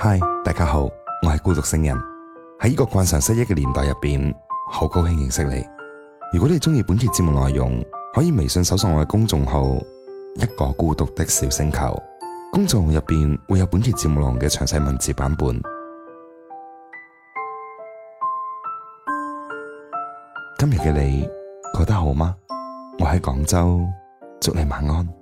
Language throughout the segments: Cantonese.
嗨，Hi, 大家好，我係孤獨星人。喺呢個慣常失憶嘅年代入邊，好高興認識你。如果你中意本期節、節目內容，可以微信搜索我嘅公眾號一個孤獨的小星球。公眾號入邊會有本期節、節目內容嘅詳細文字版本。今日嘅你覺得好嗎？我喺廣州，祝你晚安。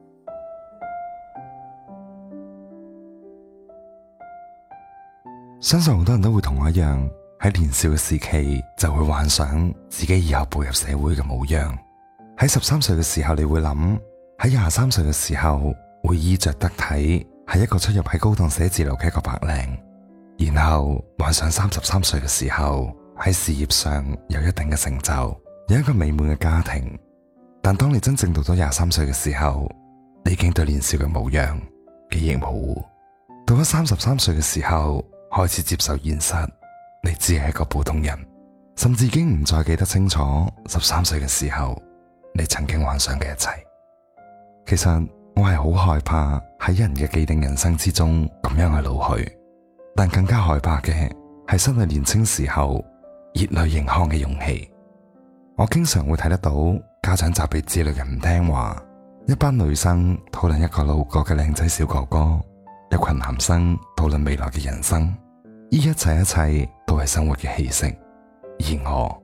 相信好多人都會同我一樣喺年少嘅時期就會幻想自己以後步入社會嘅模樣。喺十三歲嘅時候，你會諗喺廿三歲嘅時候會衣着得體，係一個出入喺高檔寫字樓嘅一個白領。然後幻想三十三歲嘅時候喺事業上有一定嘅成就，有一個美滿嘅家庭。但當你真正到咗廿三歲嘅時候，你已經對年少嘅模樣記憶模糊。到咗三十三歲嘅時候。開始接受現實，你只係一個普通人，甚至已經唔再記得清楚十三歲嘅時候你曾經幻想嘅一切。其實我係好害怕喺人嘅既定人生之中咁樣去老去，但更加害怕嘅係失去年青時候熱淚盈眶嘅勇氣。我經常會睇得到家長責備子女嘅唔聽話，一班女生討論一個老過嘅靚仔小哥哥，一群男生討論未來嘅人生。依一切一切都係生活嘅氣息，而我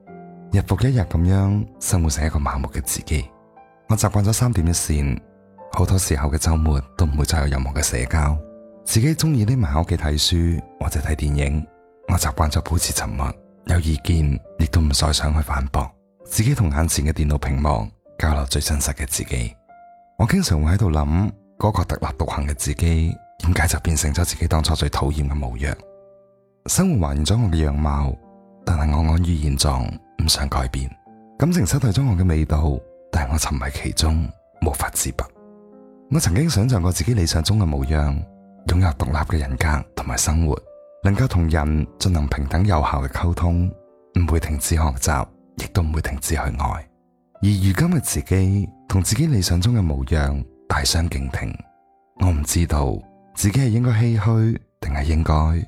日復一日咁樣生活成一個麻木嘅自己。我習慣咗三點一線，好多時候嘅周末都唔會再有任何嘅社交，自己中意匿埋喺屋企睇書或者睇電影。我習慣咗保持沉默，有意見亦都唔再想去反駁自己，同眼前嘅電腦屏幕交流最真實嘅自己。我經常會喺度諗，嗰個特立獨行嘅自己點解就變成咗自己當初最討厭嘅模樣。生活還原咗我嘅樣貌，但係我安於現狀，唔想改變。感情失去咗我嘅味道，但係我沉迷其中，無法自拔。我曾經想象過自己理想中嘅模樣，擁有獨立嘅人格同埋生活，能夠同人進行平等有效嘅溝通，唔會停止學習，亦都唔會停止去愛。而如今嘅自己同自己理想中嘅模樣大相徑庭，我唔知道自己係應該唏嘘定係應該。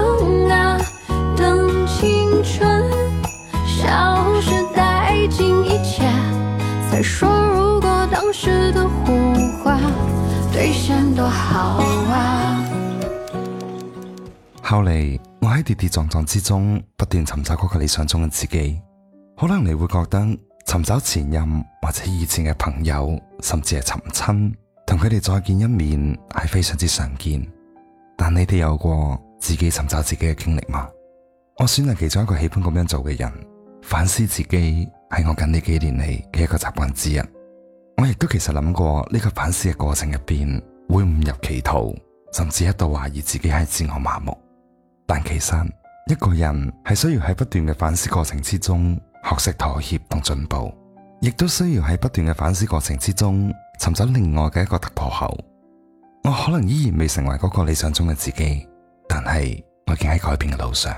後嚟我喺跌跌撞撞之中，不斷尋找嗰個理想中嘅自己。可能你會覺得，尋找前任或者以前嘅朋友，甚至係尋親，同佢哋再見一面，係非常之常見。但你哋有過自己尋找自己嘅經歷嗎？我選擇其中一個喜歡咁樣做嘅人，反思自己。係我近呢幾年嚟嘅一個習慣之一，我亦都其實諗過呢個反思嘅過程入邊會誤入歧途，甚至一度懷疑自己係自我麻木。但其實一個人係需要喺不斷嘅反思過程之中學識妥協同進步，亦都需要喺不斷嘅反思過程之中尋找另外嘅一個突破口。我可能依然未成為嗰個理想中嘅自己，但係我已經喺改變嘅路上。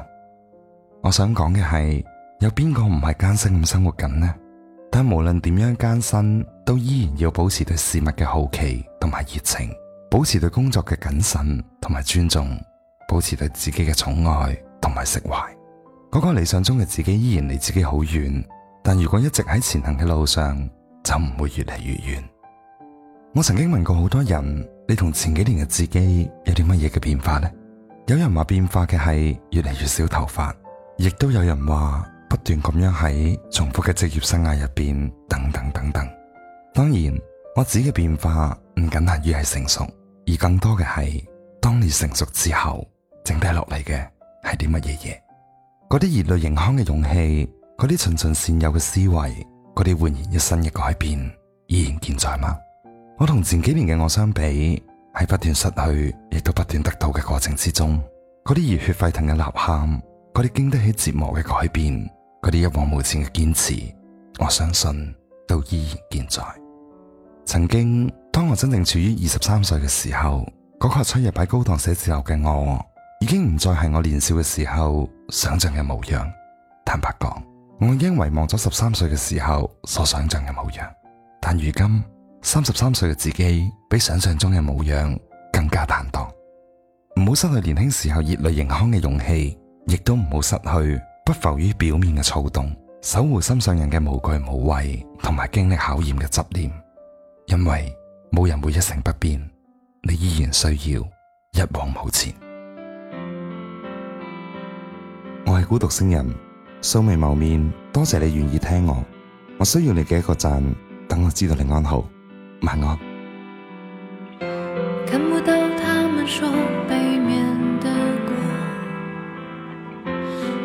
我想講嘅係。有邊個唔係艱辛咁生活緊呢？但無論點樣艱辛，都依然要保持對事物嘅好奇同埋熱情，保持對工作嘅謹慎同埋尊重，保持對自己嘅寵愛同埋釋懷。嗰個理想中嘅自己依然離自己好遠，但如果一直喺前行嘅路上，就唔會越嚟越遠。我曾經問過好多人，你同前幾年嘅自己有啲乜嘢嘅變化呢？有人話變化嘅係越嚟越少頭髮，亦都有人話。不斷咁樣喺重複嘅職業生涯入邊，等等等等。當然，我自己嘅變化唔僅限於係成熟，而更多嘅係當你成熟之後，剩低落嚟嘅係啲乜嘢嘢？嗰啲熱淚盈眶嘅勇氣，嗰啲循循善誘嘅思維，嗰啲煥然一新嘅改變，依然健在嗎？我同前幾年嘅我相比，喺不斷失去亦都不斷得到嘅過程之中，嗰啲熱血沸騰嘅吶喊，嗰啲經得起折磨嘅改變。嗰啲一往無前嘅堅持，我相信都依然健在。曾經，當我真正處於二十三歲嘅時候，嗰、那個出入喺高檔寫字樓嘅我，已經唔再係我年少嘅時候想象嘅模樣。坦白講，我已經遺忘咗十三歲嘅時候所想象嘅模樣。但如今三十三歲嘅自己，比想象中嘅模樣更加坦蕩。唔好失去年輕時候熱淚盈眶嘅勇氣，亦都唔好失去。不浮於表面嘅躁動，守護心上人嘅無懼無畏，同埋經歷考驗嘅執念，因為冇人會一成不變，你依然需要一往無前。我係孤獨星人，素未謀面，多謝你願意聽我。我需要你嘅一個讚，等我知道你安好，晚安。